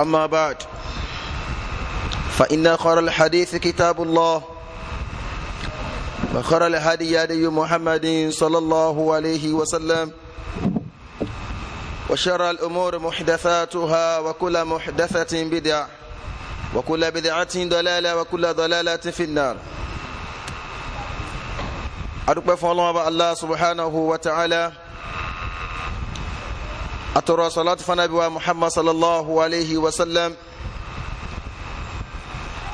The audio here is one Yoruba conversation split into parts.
أما بعد فإن خر الحديث كتاب الله وخر الهدي يدي محمد صلى الله عليه وسلم وشر الأمور محدثاتها وكل محدثة بدعة وكل بدعة ضلالة وكل ضلالة في النار أدوك بفعل الله سبحانه وتعالى atọrọ salatu fana bi wa muhammad sallallahu alayhi wa sallam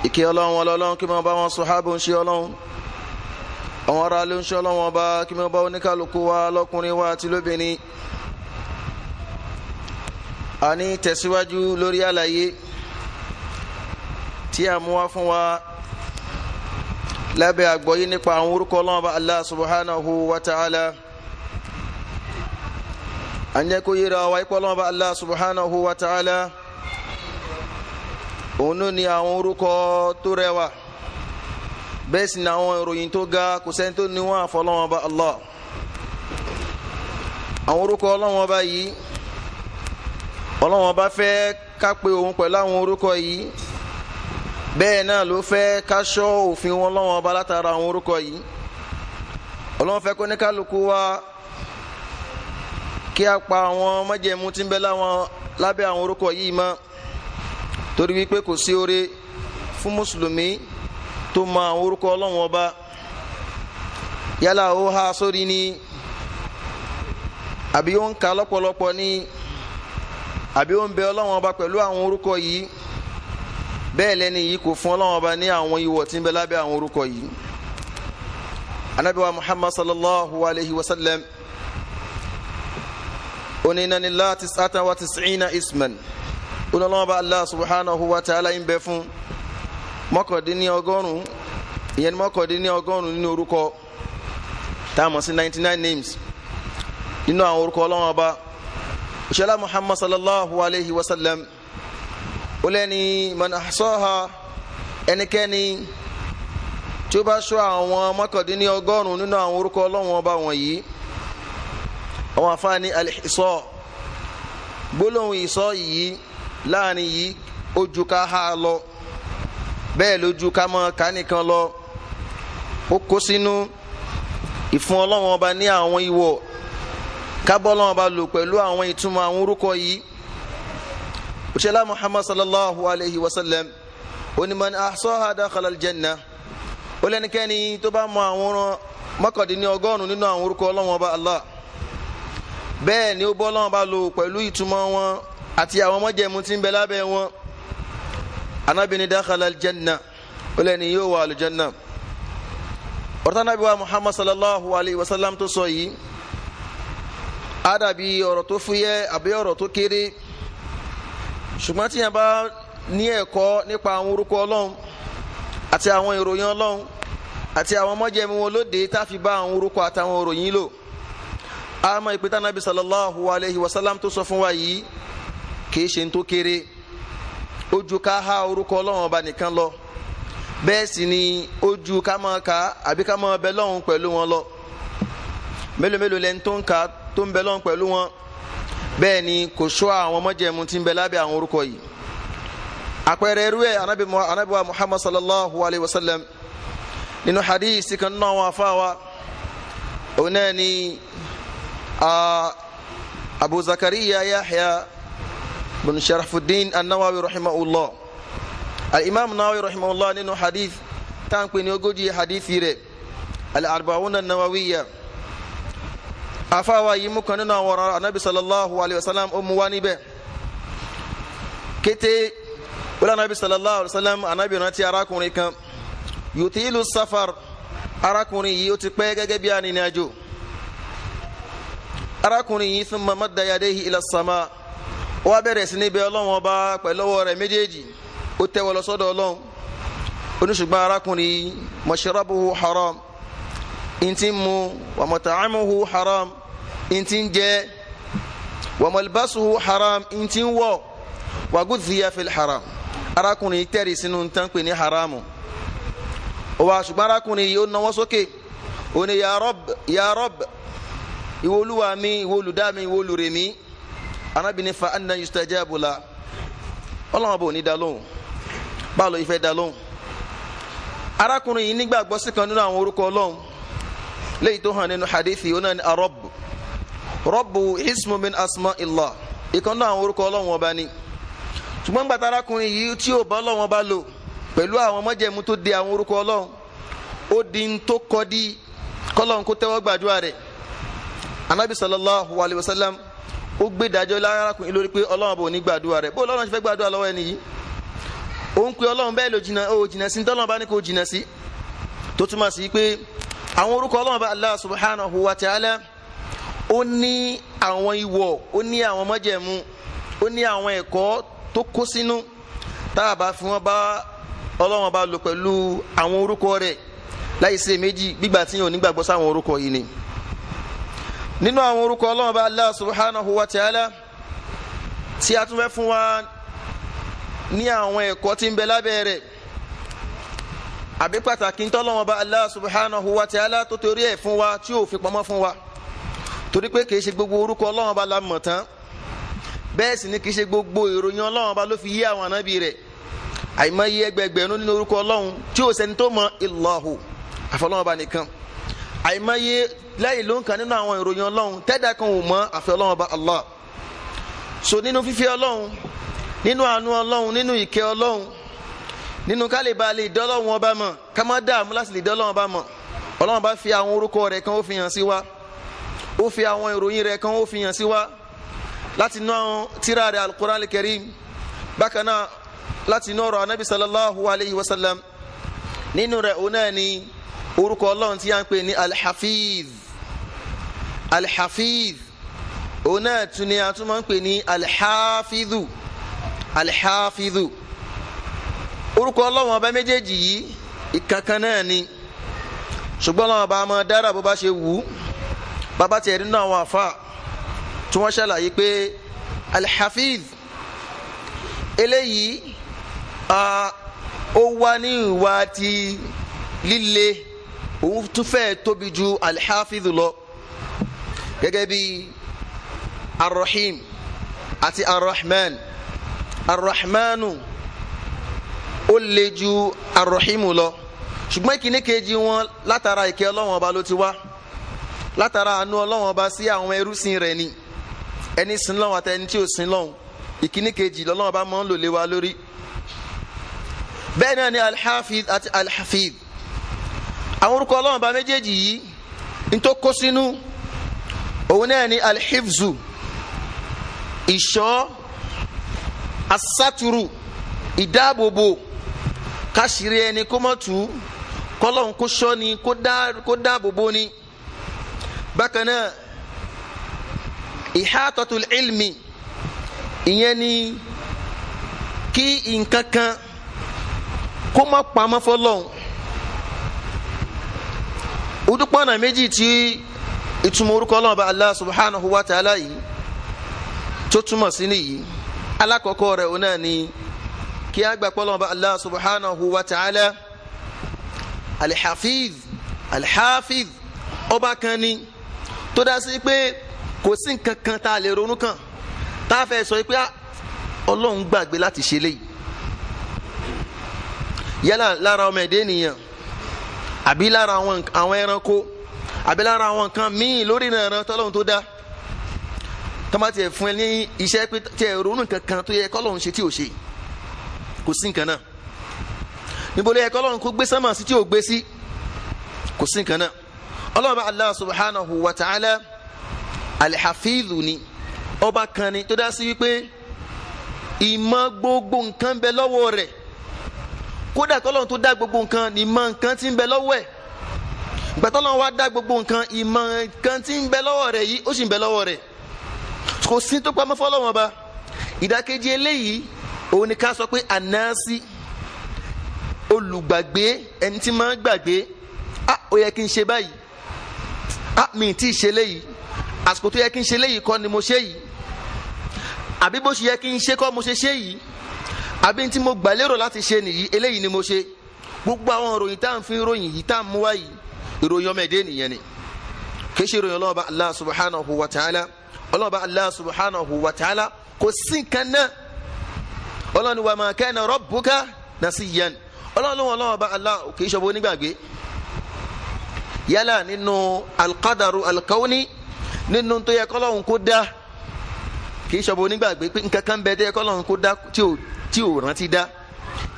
ìkí ọlọ́run ọlọ́run kí mo bá wọn sọ̀hábù ń ṣe ọlọ́run àwọn ará ló ń ṣe ọlọ́run ọba kí mo bá oníkàlùkù wa lọ́kùnrin wa àti lóbìnrin a ní tẹ̀síwájú lórí àlàyé tí a mú wá fún wa lábẹ́ àgbọ́yé nípa àwọn orúkọ ọlọ́run ọba allah anyeku kó yẹra wa ikpọlọ́n bá Allah subhanahu wa ta'ala òun ni awon orúkọ tó rẹwà bẹ́ẹ̀ awon ni to ga kò sẹ́ni tó ní wọn àfọlọ́wọn Allah awon orúkọ ọlọ́wọ́n bá yi ọlọ́wọ́n bá fẹ́ ka pe ohun pẹ̀lú awon yi bẹ́ẹ̀ náà ló fẹ́ òfin wọn látara àwọn orúkọ yìí fẹ́ kó kí a pa àwọn májẹ̀mú tí ń bẹ láwọn lábẹ́ àwọn orúkọ yìí mọ́ torí wípé kò sí oore fún mùsùlùmí tó mọ àwọn orúkọ ọlọ́run ọba yálà ó há sórí ni àbí ó ń ka lọ́pọ̀lọpọ̀ ni àbí ó ń bẹ ọlọ́run ọba pẹ̀lú àwọn orúkọ yìí bẹ́ẹ̀ lẹ́ni yìí kò fún ọlọ́run ọba ní àwọn ìwọ̀ tí ń bẹ lábẹ́ àwọn orúkọ yìí anabiwa muhammad sallallahu alayhi wa sallam onínanilá tisata wa tisina isman onílọ́wọ́ba allah subhanahu wa ta'ala ń bẹ fún mọ́kàndínlọ́gọ́rùn-ún ìyẹn ni mọ́kàndínlọ́gọ́rùn-ún nínú orúkọ táàmù sí ninety nine names nínú àwọn orúkọ ọlọ́wọ́ba òṣèlá muhammad sallallahu alayhi wa sallam ó lẹ́ni man ahsaha ẹnikẹ́ni tí ó bá ṣọ́ àwọn mọ́kàndínlọ́gọ́rùn-ún nínú àwọn afáàní alìsọ gbólóhùn ìsọ yìí láàrin yìí ó ju ká há lọ bẹ́ẹ̀ ló ju ká mọ ká nìkan lọ ó kó sínú ìfún ọlọ́wọ́n ọba ní àwọn ìwọ̀ kábọ́ ọlọ́wọ́n ọba lò pẹ̀lú àwọn ìtumọ̀ àwọn orúkọ yìí òṣèlá muhammad sallallahu alayhi wa sallam onímọ̀ ní ahsọ́ha dakhala aljanna ó lẹ́nikẹ́ni tó bá mọ àwọn mọ́kàndínlọ́gọ́rùn-ún nínú àwọn orúkọ ọlọ́wọ́n ọba allah bẹ́ẹ̀ ni ó bọ́ lọ́wọ́n bá lò pẹ̀lú ìtumọ̀ wọn àti àwọn ọmọjẹ̀mú tí ń bẹ lábẹ́ wọn Ànábì ní dakhala aljanna ó lẹ́ni yóò wà aljanna ọ̀rọ̀ tánàbí wa Muhammad sallallahu alayhi wa sallam tó sọ yìí ádàbí ọ̀rọ̀ tó fúyẹ́ àbí ọ̀rọ̀ tó kéré ṣùgbọ́n tíyẹn bá ní ẹ̀kọ́ nípa àwọn orúkọ Ọlọ́run àti àwọn ìròyìn Ọlọ́run àti àwọn ọmọjẹ̀mú wọn lóde bá àwọn orúkọ àtàwọn ìròyìn lò a mọ̀ ìpè tá nàbí sallallahu alayhi wa sallam tó sọ fún wa yìí kìí ṣe tó kéré ojú ká há orúkọ ọlọ́run ọba nìkan lọ bẹ́ẹ̀ sì ni ojú ká máa ka àbí ká máa bẹ lọ́hùn pẹ̀lú wọn lọ mélòó mélòó lẹni tó ń ka tó ń bẹ lọ́hùn pẹ̀lú wọn bẹ́ẹ̀ ni kò sọ àwọn mọ́jẹ̀mú tí ń bẹ lábẹ́ àwọn orúkọ yìí àpẹẹrẹ irú ẹ̀ anábìwá muhammad sallallahu alayhi wa sallam nínú hadith kan náà wọn afáwa òun náà ni. Abu Zakariya Yahya bin Sharafuddin An-Nawawi rahimahullah Al-Imam Nawawi rahimahullah nínú hadith tan pè ní ogójì hadith rẹ̀ Al-Arba'un An-Nawawiyya afawa yìí mú kan nínú àwọn ọ̀rọ̀ Ànábì sallallahu alaihi wasallam ó mú wá níbẹ̀ kété wala Ànábì sallallahu alaihi wasallam Ànábì rántí arákùnrin kan yutilu safar arákùnrin yìí ó ti pẹ́ gẹ́gẹ́ bí arìnrìn àjò arákùnrin yìí thumma madda yadayhi ila sama ó wá bẹ̀rẹ̀ sí ní bẹ̀ ọlọ́run ọba pẹ̀lú ọwọ́ rẹ̀ méjèèjì ó tẹ́wọ́ lọ sọ́dọ̀ ọlọ́run ó ní ṣùgbọ́n arákùnrin yìí mashrabuhu haram ntí mu wa mata'amuhu haram ntí jẹ wa malbasuhu haram ntí wọ̀ wa gudhiya haram arákùnrin yìí tẹ̀rí sínú ntán ní haramu ó arákùnrin yìí ó náwó sókè ó ní ya Rabb ìwọ olúwa mi ìwọ olùdá mi ìwọ olùrè mi Ànábì ní fa anna yustajabu la ọlọ́wọ́n bò ní dá lóhùn báwo ló fẹ́ dá lóhùn arákùnrin yìí nígbàgbọ́ sí kan nínú àwọn orúkọ ọlọ́run léyìí tó hàn nínú hadithi ó náà ní arọ́b rọ́bù ismu min asma illah ìkan nínú àwọn orúkọ ọlọ́run ọba ni ṣùgbọ́n gbàtà arákùnrin yìí tí ò bá ọlọ́run ọba lò pẹ̀lú àwọn mọ́jẹ̀mú tó de àwọn orúkọ ọlọ́run ó di ń tó kọ́ di kọ́lọ́run kó tẹ́wọ́ gbàdúrà rẹ̀ anabi sallallahu alayhi wa sallam ó gbé dájọ́ lárakùnrin lórí pé ọlọ́run bò ní gbàdúrà rẹ̀ bó ọlọ́run ṣe fẹ́ gbàdúrà lọ́wọ́ ẹni yìí ó ń pe ọlọ́run bẹ́ẹ̀ ló jìnà ó jìnà sí tọ́lọ́run bá ní kó jìnà sí tó túmọ̀ sí pé àwọn orúkọ ọlọ́run bá Allah subhanahu wa ta'ala ó ní àwọn ìwọ̀ ó ní àwọn májẹ̀mú ó ní àwọn ẹ̀kọ́ tó kó sínú tá a bá fi wọ́n bá ọlọ́run bá lò pẹ̀lú àwọn orúkọ rẹ̀ láì sí èméjì gbígbà tí yóò nígbàgbọ́ sáwọn orúkọ yìí ni nínú àwọn orúkọ ọlọ́run bá Allah subhanahu wa ta'ala tí a tún fẹ́ fún wa ní àwọn ẹ̀kọ́ tí ń bẹ lábẹ́ rẹ̀ àbí pàtàkì ń tọ́lọ́run bá Allah subhanahu wa ta'ala tó torí ẹ̀ fún wa tí ò fi pamọ́ fún wa torí pé kìí ṣe gbogbo orúkọ ọlọ́run bá la mọ̀ tán bẹ́ẹ̀ sì ni kìí ṣe gbogbo ìròyìn ọlọ́run bá ló fi yé àwọn ànábì rẹ̀ àìmọye ẹgbẹẹgbẹ̀rún nínú orúkọ ọlọ́run tí ò sẹ́ni tó mọ Allahu àfọlọ́run bá nìkan àìmọye lẹ́yìn ló ń kan nínú àwọn ìròyìn ọlọ́run tẹ́dà kan ò mọ̀ àfi ọlọ́run ọba allah so nínú fífẹ́ ọlọ́run nínú àánú ọlọ́run nínú ìkẹ́ ọlọ́run nínú ká lè ba lè dọ́lọ́run ọba mọ̀ ká má dààmú láti lè dọ́lọ́run ọba mọ̀ ọlọ́run bá fi àwọn orúkọ rẹ̀ kan ó fi hàn sí wa ó fi àwọn ìròyìn rẹ̀ kan ó fi hàn sí wa láti inú àwọn tírà rẹ̀ alukur'an karim bákan náà láti inú ọ̀rọ̀ anabi sallallahu alayhi wa sallam nínú rẹ̀ òun náà ni orúkọ ọlọ́run tí a ń pè ní alhafiz alhafiz òun náà tún ni a tún máa ń pè ní alhafizu alhafizu orúkọ ọlọ́run ọba méjèèjì yìí ìkankan náà ni ṣùgbọ́n ọlọ́run ọba máa dára bó bá ṣe wù ú bàbá tiẹ̀ nínú àwọn àfa tí wọ́n ṣàlàyé pé alhafiz eléyìí ó wá ní ìwà ti líle òun tún fẹ́ tóbi ju alḥafidu lọ gẹ́gẹ́ bí arrahim àti arrahman arrahmanu ó le ju arrahimu lọ ṣùgbọ́n ìkíní kejì wọn látara ìkẹ́ ọlọ́wọ́n ọba ló ti wá látara àánú ọlọ́wọ́n ọba sí àwọn ẹrúsìn rẹ̀ ni ẹni sin lọ́wọ́ àti ẹni tí ò sin lọ́wọ́ ìkíní kejì lọ́wọ́n ọba máa ń lò lé wa lórí bẹ́ẹ̀ náà ni alhafid àti alhafid àwọn orúkọ ọlọ́run bá méjèèjì yìí ní tó kó sínú òun náà ni alhifzu ìṣọ́ asáturu ìdáàbòbò káṣírí ẹni kó mọ̀ tù kọ́lọ́hún kó ṣọ́ ni kó dáàbòbò ni bákan náà ìhátọ́tul ilmi ìyẹn ni kí nǹkan kan kó má pamọ́ fọlọ́hún ojúpọ̀nà méjì tí ìtumọ̀ orúkọ ọlọ́run bá Allah subhanahu wa ta'ala yìí tó túmọ̀ sí nìyí alákọ̀ọ́kọ́ rẹ̀ òun náà ni kí a gbà pé ọlọ́run bá Allah subhanahu wa ta'ala alhafiz alhafiz ọba kan ni tó dá sí pé kò sí nǹkan kan tá a lè ronú kàn tá a fẹ́ sọ pé ọlọ́run gbàgbé láti ṣe àbí lára àwọn ẹranko àbí lára àwọn nǹkan míì lórí ìrìnàràn tọ́lọ́run tó dá tọ́mọ tiẹ̀ fún ẹ ní iṣẹ́ pé tiẹ̀ ronú nǹkan kan tó yẹ kọ́lọ́run ṣe tí ò ṣe kò sí nǹkan náà níbo ló yẹ kọ́lọ́run kó gbé sánmà sí tí ò gbé sí kò sí nǹkan náà ọlọ́run Allah subhanahu wa ta'ala alihafidhu ni ọba kan ni tó dá sí wípé ìmọ̀ gbogbo nǹkan bẹ lọ́wọ́ rẹ̀ kódà tọ́lọ́run tó dá gbogbo nǹkan ni mọ nǹkan tí ń bẹ lọ́wọ́ ẹ̀ ìgbà tọ́lọ́run wá dá gbogbo nǹkan ìmọ̀ nǹkan tí ń bẹ lọ́wọ́ rẹ̀ yìí ó sì ń bẹ lọ́wọ́ rẹ̀ kò sí tó pamọ́ fọlọ́wọ́n ba ìdákejì eléyìí òun ni ká sọ pé ànáàsì olùgbàgbé ẹni tí máa ń gbàgbé a ó yẹ kí n ṣe báyìí a mi ti ṣe léyìí àsìkò tó yẹ kí n ṣe léyìí kọ́ ni mo ṣe yìí àbí bó ṣe yẹ kí n ṣe kọ́ mo ṣe ṣe yìí àbí tí mo gbà lérò láti ṣe nìyí eléyìí ni mo ṣe gbogbo àwọn ìròyìn tá à ń fi ròyìn yìí tá à ń mú wáyìí ìròyìn ọmọ ẹ̀dẹ́ nìyẹn ni kì í ṣe ìròyìn ọlọ́ọ̀bá Allah subhanahu wa ta'ala ọlọ́ọ̀bá Allah subhanahu wa ta'ala kò sí nǹkan náà ọlọ́ni wa ma kana rabbuka nasiyan ọlọ́ni wọn ọlọ́ọ̀bá Allah kì í ṣọ̀bọ onígbàgbé yálà nínú alqadaru alkauni nínú tó yẹ kọ́lọ́hún kó dáa kì í ṣọba onígbàgbé pé nǹkan kan bẹ kọ́lọ́run kó dá tí ò rántí dá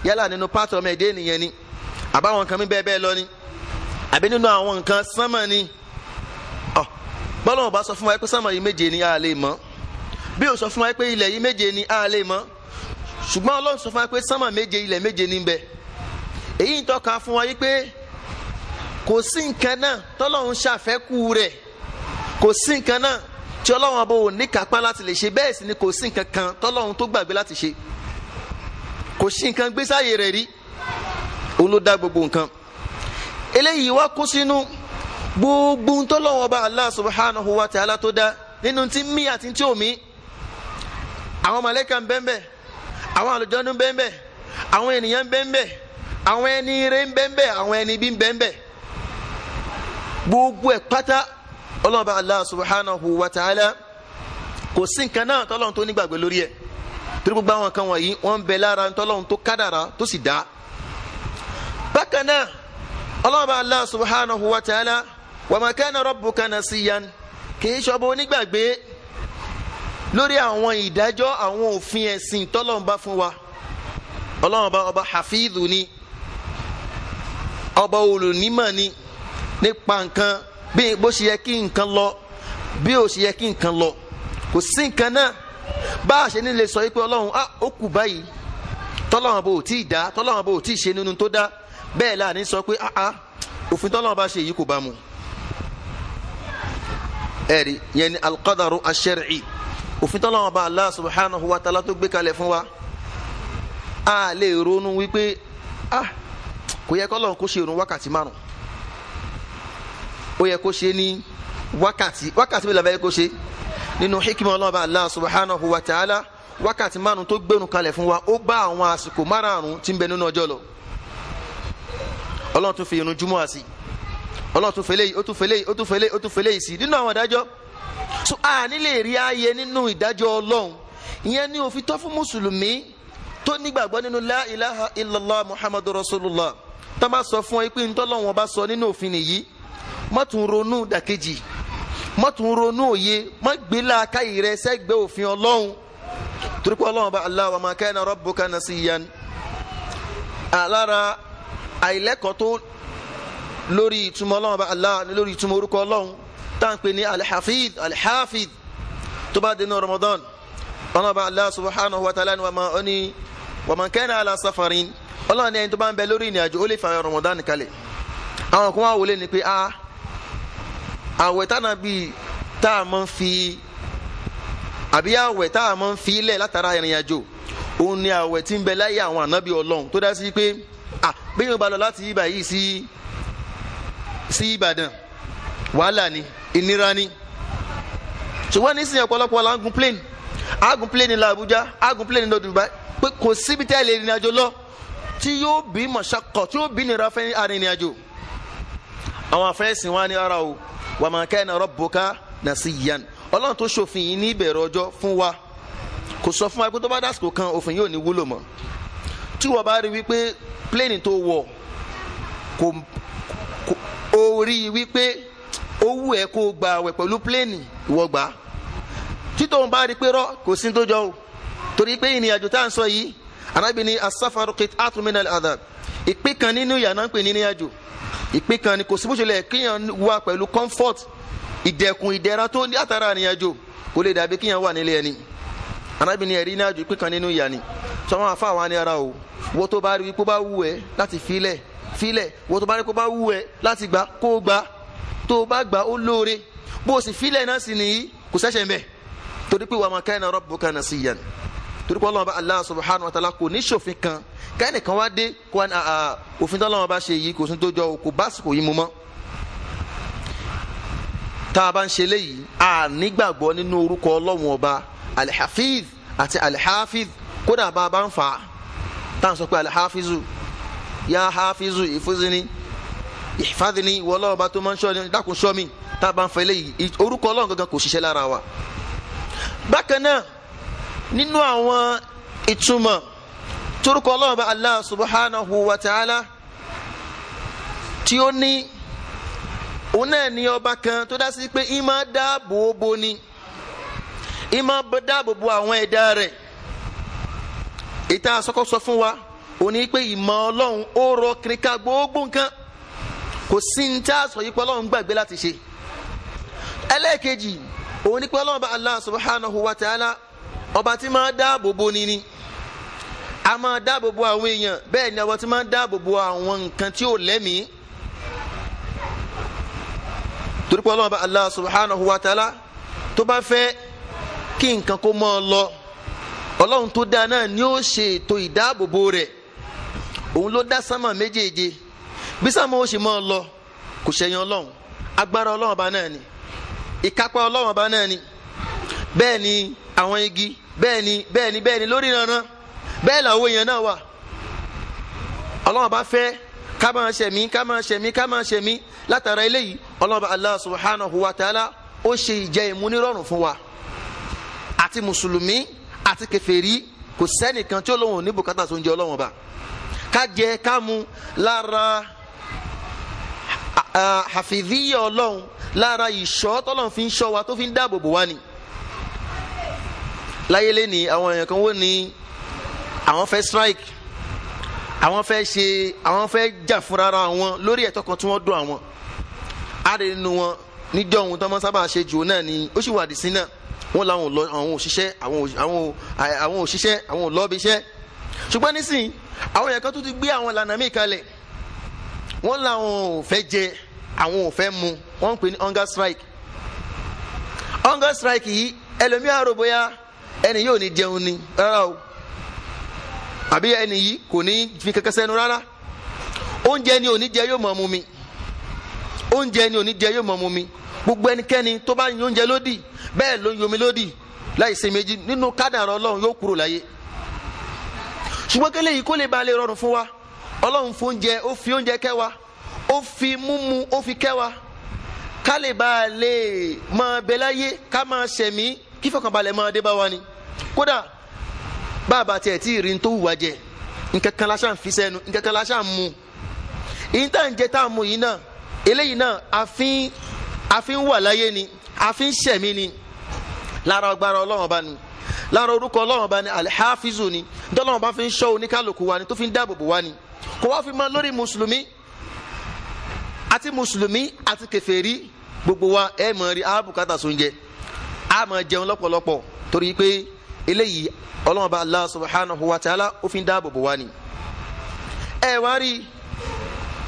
yálà nínú pátọ ọmọ ẹ̀dẹ́ ni àbáwọn nǹkan mi bẹ́ẹ̀ bẹ́ẹ̀ lọ ni àbí nínú àwọn nǹkan sánmà ni ọ bọ́lọ́run bá sọ fún wa pé sánmà yìí méje ni a lè o sọ fún wa pé ilẹ̀ yìí méje ni a lè sọ fún wa pé méje ilẹ̀ méje ni bẹ́ẹ̀ èyí ń tọ́ka fún wa pé kò sí nǹkan náà tọ́lọ́run ṣàfẹ́kù rẹ̀ kò tí ọlọ́run ọba ò ní kápá láti lè ṣe bẹ́ẹ̀ sì ni kò sí nǹkan kan tọ́lọ́run tó gbàgbé láti ṣe kò sí nǹkan gbé sáyé rẹ̀ rí òun ló dá gbogbo nǹkan eléyìí wá kó sínú gbogbo tọ́lọ́run ọba Allah subhanahu wa ta'ala tó dá nínú tí mí àti tí ò mí àwọn màlẹ́kà ń bẹ́ẹ̀ àwọn àlùjọ́nú ń bẹ́ẹ̀ àwọn ènìyàn ń bẹ́ẹ̀ àwọn ẹni ire ń bẹ́ẹ̀ àwọn ẹni bí ń bẹ́ẹ̀ gbogbo ẹ̀ pátá ọlọ́run bá Allah subhanahu wa ta'ala kò sí nǹkan náà tọ́lọ́run tó nígbàgbé lórí ẹ̀ torí gbogbo àwọn kan wọ̀nyí wọ́n ń bẹ lára tọ́lọ́run tó kádàrá tó sì dá. bákan náà ọlọ́run bá Allah subhanahu wa ta'ala wa ma kana rabbuka nasiyan kì í ṣọ́bọ onígbàgbé lórí àwọn ìdájọ́ àwọn òfin ẹ̀sìn tọ́lọ́run bá fún wa ọlọ́run ọba hafidhu ni ọba olùnímọ̀ ni nípa nǹkan bí bó ṣe yẹ kí nǹkan lọ bí ó ṣe yẹ kí nǹkan lọ kò sí nǹkan náà bá a ṣe ní lè sọ wípé ọlọ́run á ah, ó kù báyìí tọ́lọ́run bò tí ì dá tọ́lọ́run bò tí ì ṣe nínú tó dá bẹ́ẹ̀ la ní sọ pé áá ah, ah, òfin tọ́lọ́run bá ṣe yìí kò bá mu. ẹ̀rí yẹn ni alqadaru ash òfin tọ́lọ́run bá Allah subhanahu wa ta'ala tó gbé kalẹ̀ fún wa a lè ronú wípé kò yẹ kọ́lọ́run kó ṣe ìrun wákàtí márùn-ún ó yẹ kó ṣe ní wákàtí wákàtí mi làbẹ́ yẹ kó ṣe nínú hikima ọlọ́ba allah subhanahu wa ta'ala wákàtí márùn tó gbẹnu kalẹ̀ fún wa ó bá àwọn àsìkò márùn tí ń bẹ nínú ọjọ́ lọ ọlọ́run tún fi irun júmọ́ àsì ọlọ́run tún fẹlẹ́ yìí ó tún fẹlẹ́ yìí ó tún fẹlẹ́ yìí ó tún fẹlẹ́ yìí sí nínú àwọn ìdájọ́ so a nílè rí ààyè nínú ìdájọ́ ọlọ́run ìyẹn ni òfin tọ́ fún mùsùlùmí tó nígbàgbọ́ nínú la ilaha illallah muhammadu rasulullah tó bá sọ fún ọ pé ntọ́lọ́wọ́n bá sọ nínú òfin nìyí má tún ronú dàkejì má tún ronú òye má gbé làákàyè rẹ sẹ́gbẹ́ òfin ọlọ́run torí pé ọlọ́run bá Allah wa ma kana rabbuka nasiyan alára àìlẹ́kọ̀ọ́ tó lórí ìtumọ̀ ọlọ́run bá Allah lórí ìtumọ̀ orúkọ ọlọ́run tá à ń pè ní alhafid alhafid tó bá dénú Ramadan ọlọ́run bá Allah subhanahu wa ta'ala ni wa ma ọni wa ma kana ala safarin ọlọ́run ni ẹni tó bá ń bẹ lórí ìrìn ó lè fa àwẹ̀ tánà bíi tá a máa ń fi àbí àwẹ̀ tá a máa ń fi lẹ̀ látara ìrìn àjò òun ni àwẹ̀ tí ń bẹ láyé àwọn ànábì ọlọ́run tó dá sí pé à bẹ́ẹ̀ yóò bá lọ láti ibà yìí sí sí ìbàdàn wàhálà ni ìnira ni ṣùgbọ́n nísìnyí ọ̀pọ̀lọpọ̀ la plane agun plane lọ Abuja agun plane lọ Dubai pé kò síbi tẹ́ lè rìnrìn àjò lọ tí yóò bí mọ̀ṣákọ̀ tí yóò bí nira fẹ́ arìnrìn àjò àwọn afẹ́sìn wa ní ara o wa ma kana rabbuka nasiyan ọlọ́run tó ṣòfin yìí ní ìbẹ̀rẹ̀ ọjọ́ fún wa kò sọ fún wa pé tó bá dásìkò kan òfin yóò ní wúlò mọ́ tí wọ́n bá rí wípé pléènì tó wọ̀ kò ó rí wípé ó wù ẹ́ kó gba àwẹ̀ pẹ̀lú pléènì ìwọ gbà á títọ́ bá rí pé rọ́ kò sí tó jọ o torí pé ìrìn àjò tá à ń sọ yìí arábìnrin asáfarò kìtàtúmínà àdàb ìpín kan nínú ìyànà ń pè ní ìrìn àjò ìpín kan ni kò sí bó ṣe lẹ̀ kéèyàn wá pẹ̀lú comfort ìdẹ̀kùn ìdẹ̀ra tó ní àtàrà àníyànjò kò lè dàbí kéèyàn wà nílé ẹni arábìnrin ẹ̀rí náà ju ìpín kan nínú ìyá ni tí wọ́n fà wá ní ara o wo tó bá rí wípé ó bá wù ẹ́ láti filẹ̀ filẹ̀ wo tó bá rí wípé ó bá wù ẹ́ láti gbà kó gbà tó bá gbà ó lóore bó o sì filẹ̀ náà sì nìyí kò sẹ́sẹ̀ mbẹ̀ torí pé wàá máa káyìn náà rọ́bù kan náà sí yẹn torí pé Ọlọ́run bá Allah subhanahu wa ta'ala kò ní ṣòfin kan kẹ́nìkan wá dé kó ah, ah, òfin tọ́lọ́run bá ṣe yìí kò sún tó jọ kò bá sìkò yìí mu mọ́ tá a bá ń ṣe léyìí a nígbàgbọ́ nínú orúkọ Ọlọ́run ọba Al-Hafiz àti Al-Hafiz kódà bá a bá ń fà á tá à sọ pé al ya Hafizu ìfúnzini ìfádìní ìwọ Ọlọ́run tó máa ń ṣọ́ ni dákun ṣọ́ mi tá a bá ń fà eléyìí orúkọ Ọlọ́run gangan kò ṣiṣẹ́ lára wa bákan náà nínú àwọn ìtumọ̀ torúkọ ọlọ́ọ̀bá Allah subhanahu wa ta'ala tí ó ní òun náà ní ọba kan tó dá sí pé ìmọ̀ dáàbò bo ni ìmọ̀ dáàbò bo àwọn ẹ̀dá rẹ̀ ìta àsọkọ sọ fún wa òní pé ìmọ̀ ọlọ́run ó rọ kìnìkan gbogbo nǹkan kò sí ní tá a sọ yìí pé ọlọ́run gbàgbé láti ṣe ẹlẹ́ẹ̀kejì òun ní pé ọlọ́run bá subhanahu wa ta'ala ọba tí máa dáàbò bo ni ni a máa dáàbò bo àwọn èèyàn bẹ́ẹ̀ ni ọba tí máa dáàbò bo àwọn nǹkan tí ò lẹ́mìí torí pé ọlọ́run bá Allah subhanahu wa ta'ala tó bá fẹ́ kí nǹkan kó mọ́ ọ lọ ọlọ́run tó dáa náà ni ó ṣe ètò ìdáàbòbò rẹ̀ òun ló dá sánmà méjèèje bí sánmà ó ṣe mọ́ ọ lọ kò ṣẹ̀yìn ọlọ́run agbára ọlọ́run náà ni ìkápá ọlọ́run náà ni bẹ́ẹ̀ ni àwọn igi bẹ́ẹ̀ ni bẹ́ẹ̀ ni bẹ́ẹ̀ ni lórí ìrànràn bẹ́ẹ̀ làwọn èèyàn náà wà ọlọ́run bá fẹ́ ká máa ṣẹ̀mí ká máa ṣẹ̀mí ká máa ṣẹ̀mí látara eléyìí ọlọ́run bá Allah subhanahu wa ta'ala ó ṣe ìjẹ ìmúnirọ̀rùn fún wa àti mùsùlùmí àti kèfèrí kò sẹ́nìkan tí ó lóun ò ní bùkátà tó ń jẹ ọlọ́run bá ká jẹ ká mu lára hafidhiya ọlọ́run lára ìṣọ́ tọ́lọ́run fi ń ṣọ́ wa tó fi ń dáàbò bò wá ni láyé lẹ́ni àwọn èèyàn kan wò ní àwọn fẹ́ strike àwọn fẹ́ ṣe àwọn fẹ́ jà fúnra ara wọn lórí ẹ̀tọ́ kan tí wọ́n dùn àwọn àrè nínú wọn níjọ́ ohun tó máa sábà ṣe jù náà ni ó sì wà dì sí náà wọ́n làwọn lọ àwọn òṣìṣẹ́ àwọn òṣìṣẹ́ àwọn òlọ́bìṣẹ́ ṣùgbọ́n nísìnyí àwọn èèyàn kan tún ti gbé àwọn ìlànà míì kalẹ̀ wọ́n làwọn ò fẹ́ jẹ àwọn ò fẹ́ mu wọ́n ń pè ní hunger strike hunger strike yìí ẹlòmíà rò bóyá ẹni yóò ní jẹun ni rárá o àbí ẹni yìí kò ní fi kankan sẹ́nu rárá oúnjẹ ni òní jẹ yóò mọ̀ mu mi oúnjẹ ni òní jẹ yóò mọ̀ mu mi gbogbo ẹnikẹ́ni tó bá yin oúnjẹ lódì bẹ́ẹ̀ ló ń yomi lódì láì ṣe méjì nínú kádàrá ọlọ́run yóò kúrò láyé ṣùgbọ́n kí eléyìí kó lè ba lè rọrùn fún wa ọlọ́run fún oúnjẹ ó fi oúnjẹ kẹ́ wa ó fi múmu ó fi kẹ́ ká lè ba lè máa bẹ láyé ká máa ṣẹ̀mí kí fọkànbalẹ̀ máa dé bá wa ni kódà bàbá tiẹ̀ tí ì rí ní tó wùwá jẹ nǹkan kan láṣà ń fi sẹ́nu nǹkan kan láṣà ń mu èyí tá à ń jẹ tá à ń mu yìí náà eléyìí náà àfin àfin wà láyé ni àfin ṣẹ̀mí ni lára agbára ọlọ́run bá ni lára orúkọ ọlọ́run bá ni alihafizu ni dọ́lọ́run bá fi ń ṣọ́ oníkálukú wa ni tó fi ń dáàbòbò wa ni kò wá fi máa lórí mùsùlùmí àti mùsùlùmí àti kèfèrí gbogbo wa ẹ̀ mọ̀ rí àbùkátà sóúnjẹ a máa jẹun lọ́pọ̀lọpọ̀ torí pé eléyìí ọlọ́run Allah subhanahu wa ta'ala ó fi ń dáàbò bò wá ni. ẹ wá rí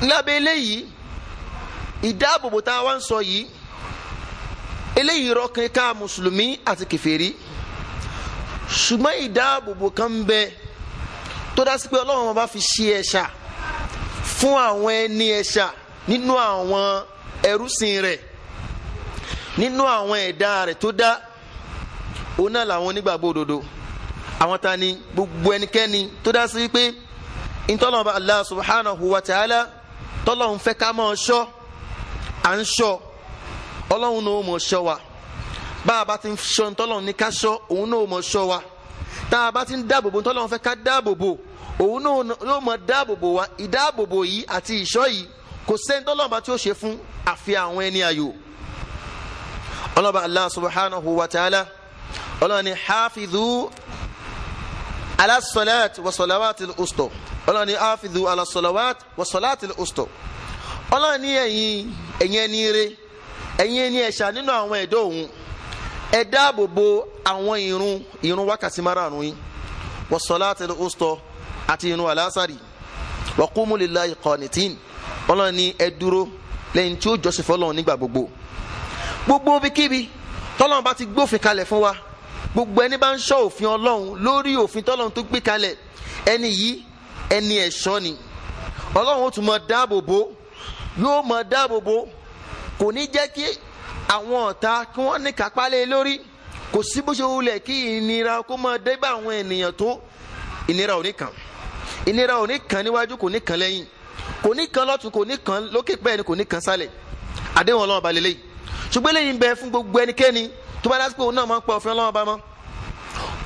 lábẹ́ eléyìí ìdáàbòbò tá a wá ń sọ yìí eléyìí rọkàn ká mùsùlùmí àti kèfèrí ṣùgbọ́n ìdáàbòbò kan ń bẹ tó dá sí pé ọlọ́run fi ṣe ẹ̀ṣà fún àwọn ẹni ẹ̀ṣà nínú àwọn ẹrúsìn rẹ̀ nínú àwọn ẹ̀dá rẹ̀ tó dá òun náà làwọn onígbàgbọ́ òdodo àwọn ta ni gbogbo ẹnikẹ́ni tó dá sí pé ntọ́lọ́mọba Allah subhanahu wa ta'ala tọ́lọ́hún fẹ́ ká mọ́ ọ ṣọ́ à ń ṣọ́ ọlọ́hún náà ó mọ̀ ṣọ́ wa bá a bá ti ń ṣọ́ ntọ́lọ́hún ní ká ṣọ́ òun náà ó mọ̀ ṣọ́ wa tá a bá ti ń dáàbòbò ntọ́lọ́hún fẹ́ ká dáàbòbò òun náà yóò mọ̀ dáàbòbò wa ìdáàbòbò yìí àti ìṣọ́ yìí kò sẹ́ni tọ́lọ́mọba tí ó ṣe fún àfi àwọn ẹni ayò ọlọ́ba allah subhanahu wa ta'ala ọlọ́ba ni hafidhu ala salat wa salawat al-usta ọlọ́ba ni hafidhu ala salawat wa salat al-usta ọlọ́ba ni ẹ̀yin ẹ̀yin ẹni re ẹ̀yin ẹni ẹ̀ṣà nínú àwọn ẹ̀dọ́ òun ẹ dáàbò bo àwọn irun irun wákàtí márààrún yìí wa salat àti irun alásàrì wa qumu lillahi qanitin lẹ́yìn tí ó jọ́sìn gbogbo ibikíbi tọ́lọ́run bá ti gbófin kalẹ̀ fún wa gbogbo ẹni bá ń ṣọ́ òfin ọlọ́run lórí òfin tọ́lọ́run tó gbé kalẹ̀ ẹni yìí ẹni ẹ̀ṣọ́ ni ọlọ́run ó tún mọ dáàbò bò yóò mọ dáàbò bò kò ní jẹ́ kí àwọn ọ̀tá kí wọ́n ní kápá lé lórí kò sí bó ṣe wulẹ̀ kí ìnira kó mọ dé bá àwọn ènìyàn tó ìnira ò ní kàn ìnira ò ní kàn níwájú kò ní kàn lẹ́yìn kò ní kàn lọ́tún kò ní kàn lókè bẹ́ẹ̀ ni kò ní kàn sálẹ̀ àdéhùn ọlọ́run balẹ̀ lẹ́yìn ṣùgbọ́n eléyìí ń bẹ fún gbogbo ẹnikẹ́ni tó bá lásìkò òun náà máa ń pa òfin ọlọ́wọ́ bá mọ́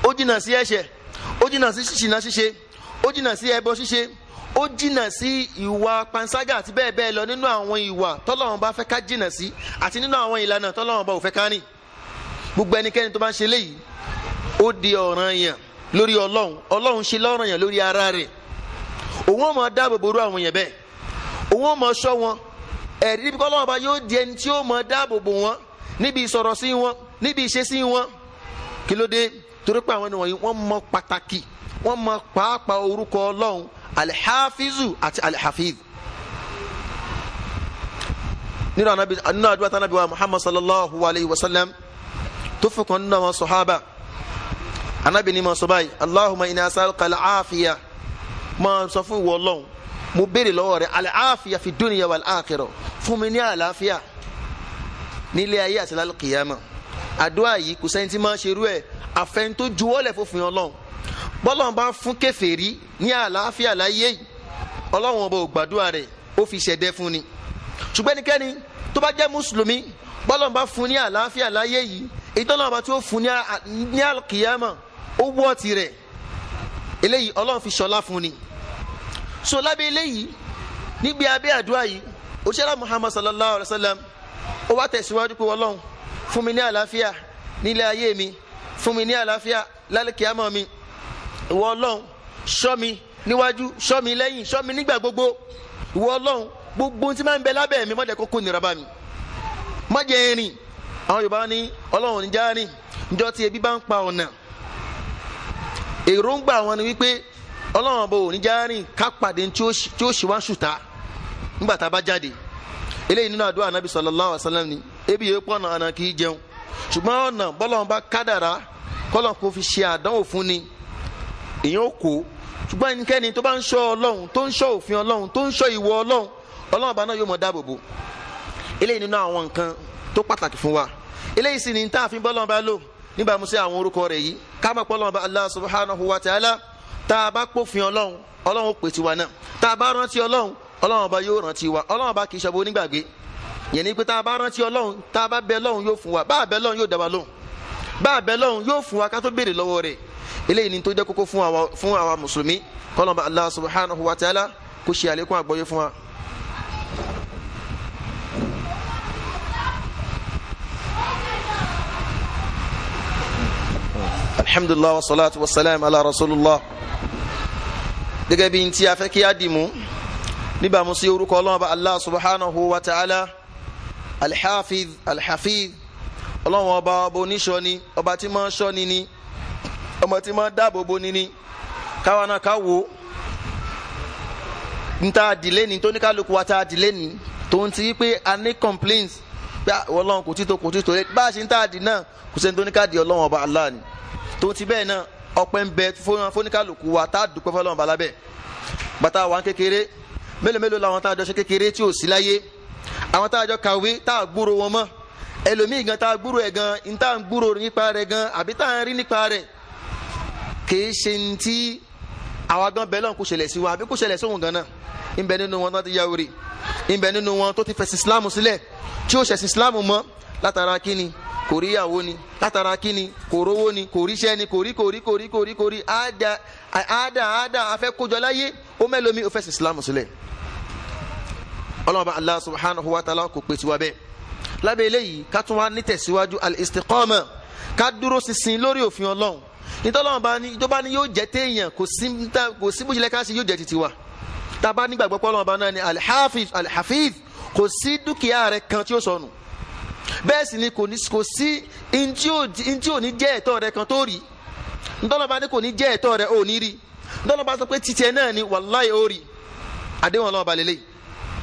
ó jìnnà sí ẹ̀ṣẹ̀ ó jìnnà sí ṣìnà ṣíṣe ó jìnnà sí ẹbọ ṣíṣe ó jìnnà sí ìwà panṣágà àti bẹ́ẹ̀ bẹ́ẹ̀ lọ nínú àwọn ìwà tọ́lọ́wọ́n bá fẹ́ ká jìnnà sí àti nínú àwọn ìlànà tọ́lọ́wọ́n bá ò fẹ́ ká rìn gbogbo ẹnikẹ́ni tó bá ń ṣe léyìí ó di ọ̀ràn yàn lórí ọlọ́run ọlọ́run ṣe lọ́ràn yàn lórí ara rẹ̀ òun ò mọ dáàbò ború àwọn yẹn bẹ́ẹ̀ òun ò mọ ṣọ́ wọn ẹ̀rí níbi kọ́ ọlọ́run ọba yóò di ẹni tí ó mọ dáàbò bò wọn níbi ìsọ̀rọ̀ sí wọn níbi ìṣesí wọn kí ló dé torí pé àwọn ènìyàn wọn mọ pàtàkì wọn mọ pàápàá orúkọ ọlọ́run alihafizu àti alihafiz nínú anabi nínú àdúrà tánàbí wa muhammad sallallahu alayhi wa sallam tó fọkàn nínú àwọn sọ̀hábà anabi ni mo allahumma inna asalka alaafiya mo sọ fún ìwọ ọlọ́run mo béèrè lọ́wọ́ rẹ̀ àlàáfíà fi dunya wal akhirah fún mi ní àlàáfíà nílé ayé àti lálùkìyàmà àdúrà yìí kò sẹ́ni tí máa ṣerú ẹ̀ àfẹn tó juwọ́lẹ̀ fòfin ọlọ́run bọ́lọ́run bá fún kèfèrí ní àlàáfíà láyé yìí ọlọ́run ọba ò gbàdúrà rẹ̀ ó fi ṣẹ̀dẹ́ fún ni ṣùgbọ́n ẹnikẹ́ni tó bá jẹ́ mùsùlùmí bọ́lọ́run bá fún ní àlàáfíà láyé yìí ìtọ́lọ́run bá tí ó fún ní àlùkìyàmà ó wọ́ tirẹ̀ eléyìí ọlọ́run fi ṣọlá fún ni so lábẹ́ eléyìí níbi abẹ́ àdúrà yìí òṣèlú muhammad sallallahu alayhi wa sallam ó wá tẹ̀síwájú pé ọlọ́run fún mi ní àlàáfíà nílé ayé mi fún mi ní àlàáfíà lálẹ́ kíámọ̀ mi ìwọ ọlọ́run ṣọ́ mi níwájú ṣọ́ mi lẹ́yìn ṣọ́ mi nígbà gbogbo ìwọ ọlọ́run gbogbo tí máa ń bẹ lábẹ́ mi má jẹ́ nira bá mi má irin àwọn yorùbá ní ọlọ́run ní jáárin níjọ́ tí ebi bá ń pa ọ̀nà èròǹgbà wọn ni wípé ọlọ́run bò ní járìn ká pàdé tí ó ṣe wá ṣùtá nígbà tá a bá jáde eléyìí nínú àdúrà ebi yẹn pọ̀nà àná kì í jẹun ṣùgbọ́n ọ̀nà bọ́lọ́run bá kádàrá kọ́lọ́n kò ni èèyàn kó ṣùgbọ́n ẹnikẹ́ni tó bá ń ọlọ́run tó ń òfin ọlọ́run tó ń ìwọ ọlọ́run ọlọ́run bá náà yóò dáàbò bò wa eléyìí sì ni a bọ́lọ́run bá lò níbàámu tá a bá pófin ọlọ́run ọlọ́run ó pè tiwa náà tá a bá rántí ọlọ́run ọlọ́run ọba yóò rántí wa ọlọ́run ọba kì í ṣàbò onígbàgbé yẹn ni pé tá a bá rántí ọlọ́run tá a bá bẹ ọlọ́run yóò fún wa bá a bẹ ọlọ́run yóò dá lóhùn bá a bẹ ọlọ́run yóò fún wa ká tó béèrè lọ́wọ́ rẹ̀ eléyìí ni tó jẹ́ kókó fún àwa fún àwa mùsùlùmí kọ́lọ́mù Allah subhanahu wa ta'ala kó ṣe àlékún àgbọ́yé alhamdulillah wa salatu wa salam ala rasulillah gẹ́gẹ́ bí ntí afẹ́ kí á dì mú níbàámu sí orúkọ ọlọ́run ọba allah subhanahu wa ta'ala alḥafiz alḥafiz ọlọ́run ọba ọba oníṣọ́ ni ọba tí máa ń ṣọ́ ni ni ọba tí máa ń dáàbò bo ni ni káwa náà ká wò ó nta àdìlé ni tó ní kálukú wa ta àdìlé ni tó ń ti pé a ní complaints pé ah, ọlọ́run kò tí kò tí tó bá a ṣe ń ta àdì náà kò sẹ́ni tó ní ká di ọlọ́run ọba allah ni tó ti bẹ́ẹ̀ náà ọpẹ́ ń bẹ fóníkàlùkù wa tá a dúpẹ́ fọlọ́run balabẹ́ bàtà wa kékeré mélòó mélòó làwọn tá a jọ ṣe kékeré tí ò sí láyé àwọn tá a jọ kàwé tá a gbúrò wọn mọ́ ẹlòmíì gan tá a gbúrò ẹ̀ gan n tá a gbúrò nípa rẹ̀ gan àbí tá a rí nípa rẹ̀ kìí ṣe ní ti àwa gan bẹ́ẹ̀ lọ́n kò ṣẹlẹ̀ sí wa àbí kò ṣẹlẹ̀ sóhun gan náà ń nínú wọn tó ti ya wèrè nínú wọn tó ti fẹ̀sìn Islam sílẹ̀ tí ó ṣẹ̀sìn Islam mọ́ látara kíni kò rí ìyàwó ni látara kí ni kò rówó ni kò ríṣẹ́ ni kò rí kò rí kò rí kò rí kò rí àádá àádá afẹ́ kójọ láyé ó mẹ́lòmí ó fẹsẹ̀ Islam sílẹ̀ ọlọ́mọba Allah subhanahu wa ta'ala kò pè tiwa bẹ́ẹ̀ lábẹ́ eléyìí ká tún wá nítẹ̀síwájú al ká dúró ṣinṣin lórí òfin ọlọ́run nítọ́lọ́mọba ni ìjọba ni yóò jẹ́ téèyàn kò sí bójúlẹ̀ ká yóò jẹ́ titiwa tá a bá nígbàgbọ́ pé ọlọ́mọba náà ni al kò sí dúkìá rẹ̀ kan tí ó sọnù bẹ́ẹ̀ ni kò sí ntí ò ní jẹ́ ẹ̀tọ́ rẹ kan tó rí ntọ́lọ́ba ni kò ní jẹ́ ẹ̀tọ́ rẹ ò ní rí ntọ́lọ́ba sọ pé títẹ náà ni wàláyé ó rí àdéhùn ọlọ́ọ̀ba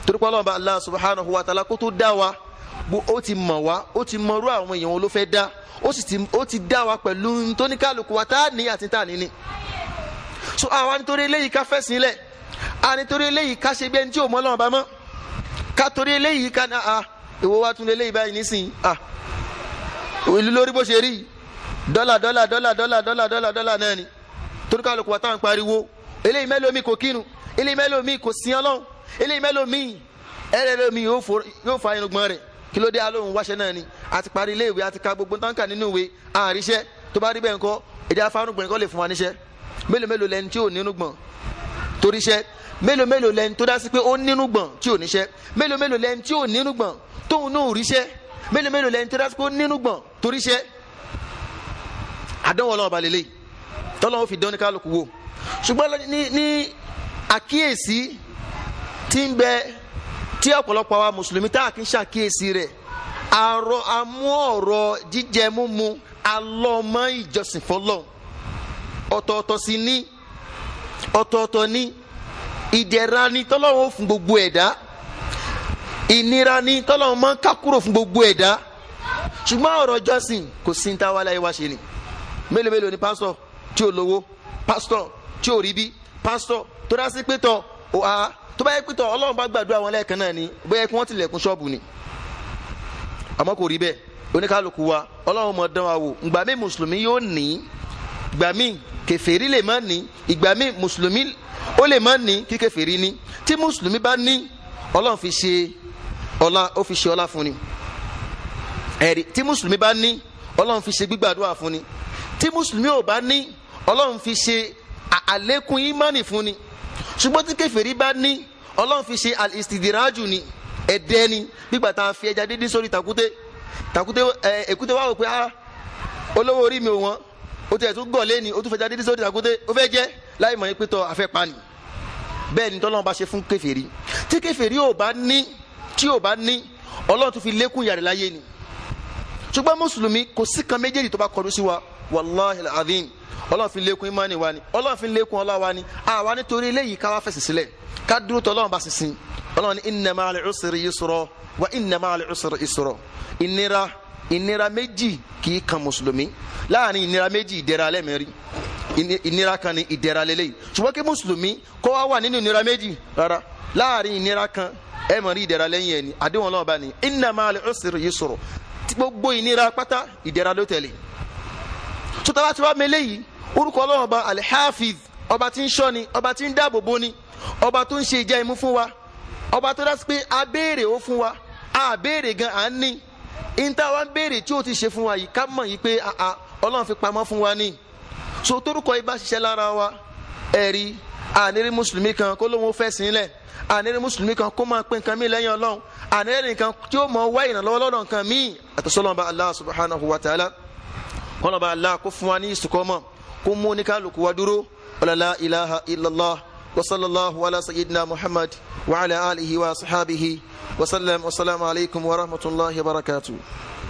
torípọ̀ ọlọ́ọ̀ba Allah subhanahu wa ta'ala tó dá wa ti mọ̀ ti àwọn èèyàn dá sì wa pẹ̀lú wa ní àti níní so àwa eléyìí ká fẹ́ sílẹ̀ eléyìí ká ìwọ wá tún lélẹ́yìí báyìí nísìnyí ah ìlú lórí bó ṣe rí dọ́là dọ́là dọ́là dọ́là dọ́là dọ́là dọ́là náà ni torí ká lóko wá táwọn pariwo eléyìí mẹ́lòmí kò kínu eléyìí mẹ́lòmí kò sí ọlọ́run eléyìí mẹ́lòmí ẹ̀rẹ́lòmí yóò fa irungbọ̀n rẹ̀ kí ló dé alóhùn wáṣẹ náà ni àti parí ilé ìwé àti ka gbogbo táǹkà nínú ìwé àríṣẹ́ tó bá rí bẹ́ẹ̀ ńkọ́ ẹ̀jẹ̀ afárúgbọ̀n kọ́ lè fún wa níṣẹ́ mélòó mélòó lẹni tí ò nínúgbọ̀n toríṣẹ́ mélòó mélòó lẹni tó dá sí pé ó nínúgbọ̀n tí ò níṣẹ́ mélòó mélòó lẹni tí ò nínúgbọ̀n tóun náà ríṣẹ́ mélòó mélòó lẹ́yìn tẹ́lá kó nínú gbọ̀n toríṣẹ́ àdánwò ọlọ́run balẹ̀ lé tọ́lọ́run fi dán ní kálukú wò ṣùgbọ́n ní ní àkíyèsí tí ń bẹ tí ọ̀pọ̀lọpọ̀ àwa mùsùlùmí tá a kì í ṣàkíyèsí rẹ̀ àrọ amú ọ̀rọ̀ jíjẹ múmu alọ́mọ ìjọsìn fọlọ́n ọ̀tọ̀ọ̀tọ̀ sí ní ọ̀tọ̀ọ̀tọ̀ ní ìdẹ̀ra ni tọ́lọ́run fún gbogbo ẹ̀dá ìnira ni tọ́lọ́run máa ń ká kúrò fún gbogbo ẹ̀dá ṣùgbọ́n ọ̀rọ̀ jọ́sìn kò sí ní táwa láyé wá ṣe ni mélòó mélòó ni pásítọ̀ tí ò lówó pásítọ̀ tí ò rí bí pásítọ̀ tó dá sí pétọ̀ òhà tó bá yẹ pétọ̀ ọlọ́run bá gbàdúrà wọn lẹ́ẹ̀kan náà ni bóyá kí wọ́n tilẹ̀kùn ṣọ́ọ̀bù ni àmọ́ kò rí bẹ́ẹ̀ oníkálukú wa ọlọ́run mọ̀ dán wa wò ìgbà míì mùsùlùmí yóò ní ìgbà míì kèfèrí lè má ní ìgbà míì mùsùlùmí ó lè má ní kí kèfèrí ní tí mùsùlùmí bá ní ọlọ́run fi ṣe ọlá ó fi ṣe ọlá fún ni ẹ̀rí tí mùsùlùmí bá ní ọlọ́run fi ṣe gbígbàdúrà fún ni tí mùsùlùmí ò bá ní ọlọ́run fi ṣe àlékún ìmánì fún ni ṣùgbọ́n tí kèfèrí bá ní ọlọ́run fi ṣe al-istidiraju ni ẹ̀dẹ́ ni gbígbà tá a fi ẹja dídín sórí tàkúté tàkúté èkúté wà wò pé ah olówó orí mi ò wọ́n o tẹ̀ tún gọ̀ọ́lé ni o tún fẹja dídín sórí tàkúté o fẹ́ jẹ́ láì mọ̀ ní pé tọ́ àfẹ́ pa ni bẹ́ẹ̀ ni tọ́lọ́run bá ṣe fún kèfèrí tí kèfèrí ò bá ní tí ò bá ní ọlọ́run tó fi lékún yàrá láyé ni ṣùgbọ́n mùsùlùmí kò sí kan méjèèjì tó bá kọjú sí wa wàláhi alazim ọlọ́run fi lékún imani wa ni ọlọ́run fi lékún ọlá wa ni àwa nítorí eléyìí ká wá fẹ̀sìn sílẹ̀ ká dúró tọ́ ọlọ́run bá sísìn ọlọ́run ní inna ma'al usri yusra wa inna ma'al usri yusra ìnira ìnira méjì kì í kan mùsùlùmí láàrin ìnira méjì ìdẹ̀ra lẹ́mẹ̀rí ìnira kan ni ìdẹ̀ra lélẹ́yìí ṣùgbọ́n kí mùsùlùmí kó wá wà nínú ìnira méjì rárá láàrin ìnira kan ẹ mọ̀ rí ìdẹ̀ra lẹ́yìn ẹni àdéhùn ni bá ní inna ma'al usri yusra gbogbo ìnira pátá ìdẹ̀ra ló tẹ̀lé tó tá bá ti wá mẹ́lẹ́ yìí orúkọ ọlọ́run ọba alhafiz ọba tí ń ni ọba tí ń dáàbò bo ni ọba tó ń ṣe ìjà imú fún wa ọba tó dá sí pé a béèrè ó fún wa a béèrè gan à ń ní níta wa ń béèrè tí ó ti ṣe fún wa yìí ká mọ̀ yìí pé ọlọ́run fi pamọ́ fún wa ní so torúkọ ibà ṣiṣẹ́ lára wa ẹ̀rí àníri mùsùlùmí kan kó lóun fẹ́ sí ilẹ̀ àníri mùsùlùmí kan kó máa pín nǹkan mí lẹ́yìn ọlọ́run àníri nǹkan tí ó mọ̀ wá ìrànlọ́wọ́ lọ́dọ̀ nǹkan mí àtọ́sọ́lọ́ba Allah subhanahu wa ta'ala kọ́lọ́ba Allah kó fún wa ní ìsìkọ́mọ̀ kó mú ní wa dúró ọ̀làlá ilaha illallah wa sallallahu ala sayyidina muhammad wa ala alihi wa sahabihi wa sallam wa salamu alaykum wa rahmatullahi wa barakatuh.